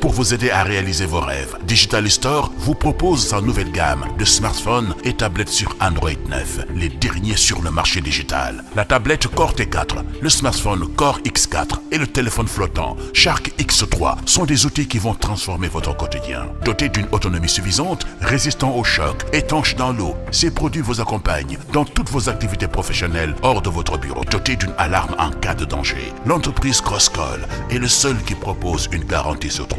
Pour vous aider à réaliser vos rêves, Digital Store vous propose sa nouvelle gamme de smartphones et tablettes sur Android les derniers sur le marché digital. La tablette Core T4, le smartphone Core X4 et le téléphone flottant Shark X3 sont des outils qui vont transformer votre quotidien. Dotés d'une autonomie suffisante, résistant aux chocs, étanches dans l'eau, ces produits vous accompagnent dans toutes vos activités professionnelles hors de votre bureau.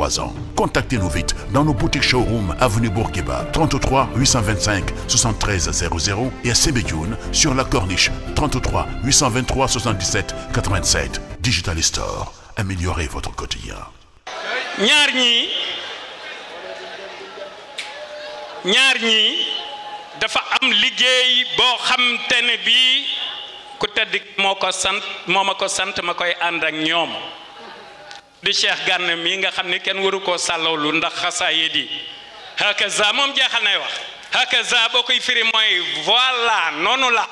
33 ans. Contactez-nous vite dans nos boutiques showroom avenue Bourguiba 33 825 73 00 et à Sébédioune sur la Corniche 33 823 77 87. Digital Store, améliorez votre quotidien. ñaar ñii ñaar ñii dafa am liggéey boo xamante ne bii ku tedd moo ko sant moo ma koy ànd ak ñoom. lu Cheikh Gànn mii nga xam ne kenn waru koo sàllawlu ndax xasaayid yi hakaza moom jeexal nay wax hakaza boo koy firi mooy voilà noonu la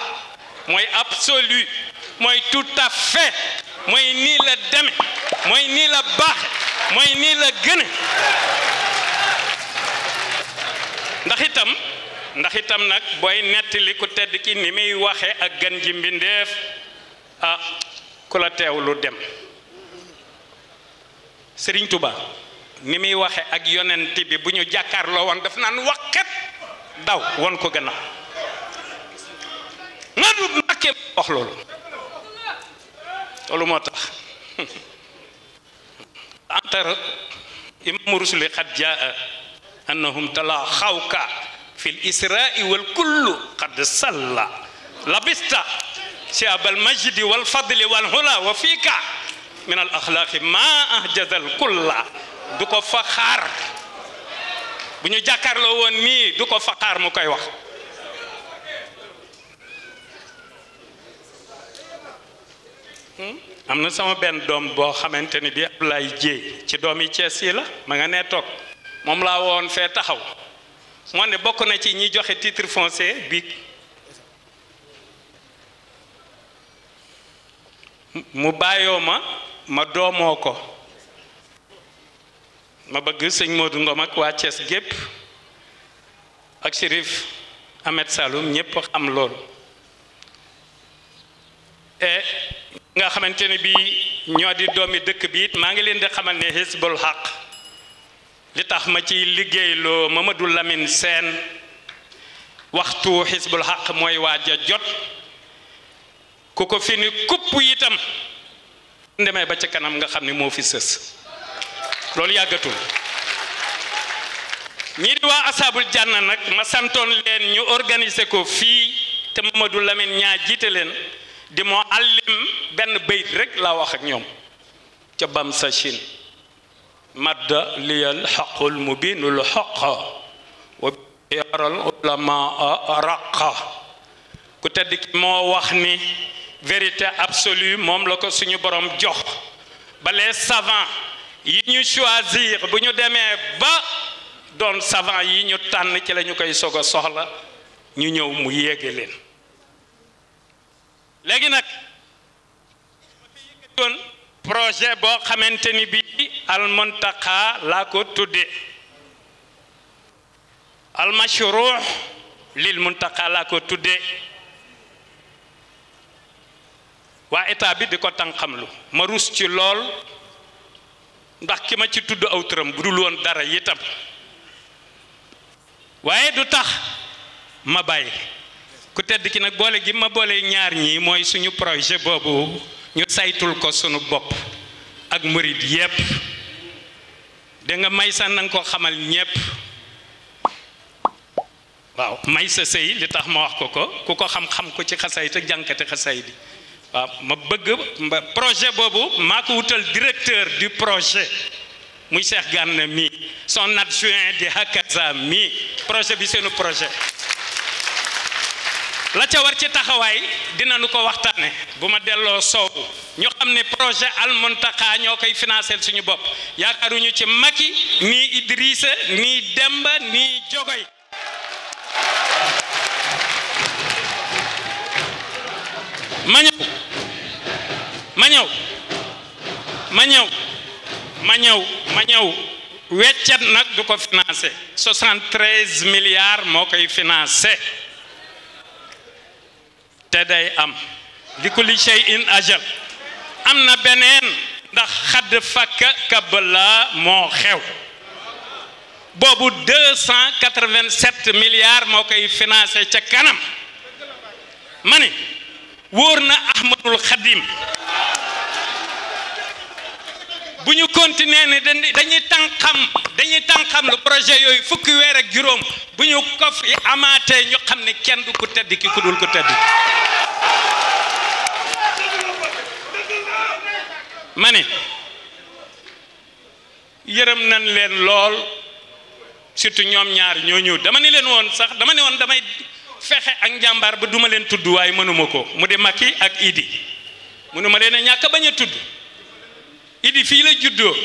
mooy absolu mooy tout à fait mooy nii la deme mooy nii la baaxe mooy nii la gëne ndax itam nag booy nettali ku tedd ki ni muy waxe ak gan ji mbindeef ah ku la teewlu dem sëriñ tuba ni muy waxe ak yonent bi bu ñu jàkkaarloo woon daf naan waqet daw won ko gannaaw ma du Mbàkke wax loolu loolu moo tax antar imam rusuli xad jaa annahum tala xawka fi l israai wal salla labista siabal majdi wal wal hula wa fiika min al axlaaqi maa ahjazal kulla du ko fa xaar bu ñu jàkkaarloo woon nii du ko fa xaar mu koy wax hmm? am na sama benn doom boo xamante ni bi Ablaye Dieye ci doom yi Cees yi la ma nga nee toog moom laa woon fee taxaw moo ne bokk na ci ñi joxe titre foncier bi mu bàyyoo ma ma doomoo ko ma bëgg sëñ Modou Ngom ak waa Thiès gépp ak Chérif Ahmed Saloum ñépp am loolu e nga xamante ne bii ñoo di doomi dëkk biit maa ngi leen di xamal ne Hizbul Haq li tax ma ciy liggéeyloo Mamadou lamin seen waxtu Hizbul Haq mooy waaja a jot ku ko fi ni kupp itam demee ba ca kanam nga xam ni moo fi sës loolu yàggatul ñii di waa asaabul jànna nag ma santoon leen ñu organiser ko fii te Mamadou Lamine ñaa jiite leen di moo àllim benn bayt rek laa wax ak ñoom ca bam sa chin madda liyal xaqul mubinul xaqa wa yaral ulamaa raqa ku tedd ki moo wax ni vérité absolue moom la ko suñu borom jox bale les savants yi ñu choisir bu ñu demee ba doon savants yi ñu tànn ci lañu koy soog a soxla ñu ñëw mu yéege leen léegi nag doon projet boo xamante ni bii almuntaka laa ko tuddee almashruux lil muntaka laa ko tuddee waa état bi di ko tànqamlu ma rus ci lool ndax ki ma ci tudd aw turam bu dul woon dara yitam waaye du tax ma bàyyi ku tedd ki nag boole gi ma boolee ñaar ñi mooy suñu projet boobu ñu saytul ko sunu bopp ak mburit yépp da nga may sa nanga ko xamal ñépp waaw may sa sëy li tax ma wax ko ko ku ko xam-xam ko ci xasayit ak jànkati xasayit yi waaw ma bëgg projet boobu maa ko wutal directeur du projet muy Cheikh Gana mi son adjoint di Hakaza mi projet bi seenu projet la ca war ci taxawaay dinañu ko waxtaane bu ma delloo soobu ñu xam ne projet Al ñoo koy financer suñu bopp yaakaaruñu ci maki nii Idrissa nii Demba nii Jogoy ma ma ñëw ma ñëw ma ñëw ma ñëw weccat nag du ko financé milliards moo koy financé te day am di ku li chey in ajal am na beneen ndax xadd fakk kabala moo xew boobu 287 milliards moo koy financé ca kanam ma ni wóor na Ahmadul Xadim bu ñu continuer ne dañuy tànqam dañuy tànqam lu projet yooyu fukki weer ak juróom bu ñu ko fi amaatee ñu xam ne kenn du ko tedd ki ku dul ko tedd ma ne yërëm nañ leen lool surtout ñoom ñaar ñoo ñëw dama ne leen woon sax dama ne woon damay fexe ak njàmbaar ba duma leen tudd waaye mënuma ko mu di Macky ak Idi mënuma leen a ñàkk bañ a tudd Idi fii la juddoo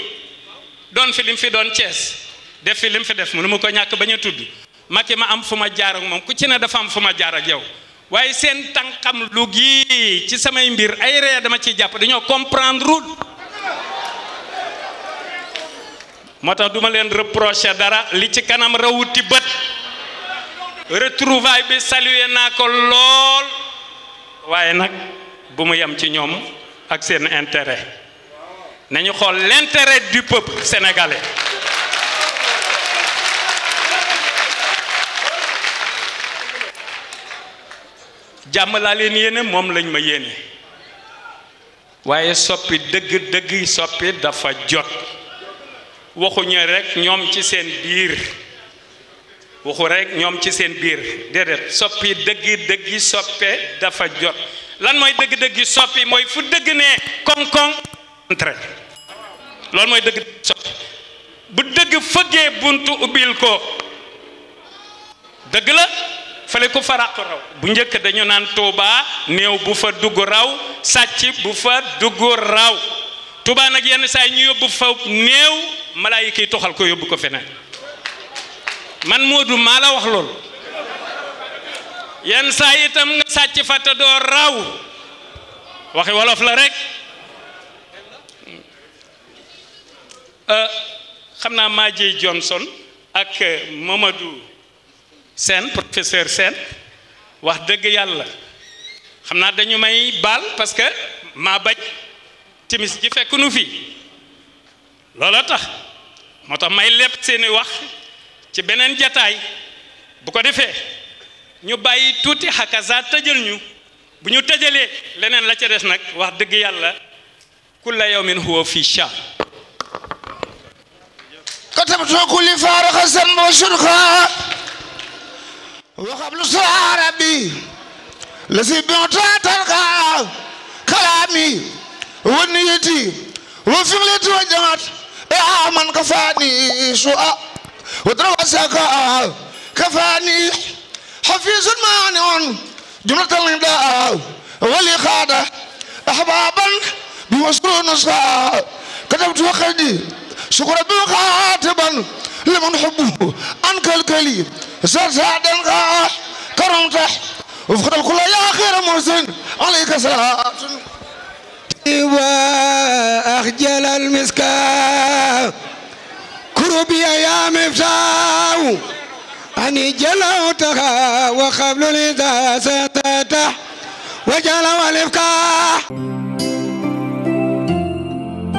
doon fi lim fi doon Cees def fi lim fi def mënu ma ko ñàkk bañ a tudd Macky ma am fu ma jaar moom ku ci ne dafa am fu ma jaar ak yow waaye seen tànqam lu gi ci samay mbir ay ree dama ciy jàpp dañoo comprendre rul moo tax duma leen reprocher dara li ci kanam rawuti bët retrouvaille bi salué naa ko lool waaye nag bu mu yem ci ñoom ak seen intérêt nañu xool l'intérêt du peuple sénégalais jàmm laa leen yéene moom lañ ma yéene waaye soppi dëgg dëgg soppi dafa jot waxuñu rek ñoom ci seen biir waxu rekk ñoom ci seen biir déedéet soppi dëgg dëgg soppe dafa jot lan mooy dëgg dëgg soppi mooy fu dëgg ne koŋ-koŋ contraire mooy dëgg bu dëgg fëggee buntu ubbil ko dëgg la fale ku fa raw bu njëkk dañu naan Touba néew bu fa dugg raw sàcc bu fa dugg raw Touba nag yenn saa yi ñu yóbbu fa néew malaayika yi toxal ko yóbbu ko feneen man Modou maa la wax loolu yenn saa itam nga sàcc fa te doo raw waxi wolof la rek Euh, xam naa Madieye Johnson ak euh, Mamadou Sène professeur Sène wax dëgg yàlla xam naa dañu may baal parce que maa bañ timis ji fekk nu fi loola tax moo tax may lépp seeni wax ci beneen jataay bu ko defee ñu bàyyi tuuti xakasa tëjal ñu bu ñu tëjalee leneen la ca des nag wax dëgg yàlla kulla yawmin huwa fi sha وقبت كل فارغ وشرخا وقبل سؤال ربي لسي بيوتا تلقى كلامي ونيتي وفعلتي وجمعت يا من كفاني سوء ودروا سكا كفاني حفيظ مانع جملة النداء ولي خاده أحبابا بوصول نصا كتبت وخدي شكرا بالغاتبا لمن حبه عنك الكلي زرزادا كرمته وفقد الكل يا خير محسن عليك صلاة وأخجل المسكا كربي يا مفتاح أني جلوتها وقبل الإذا ستتح وجلو الإفكاح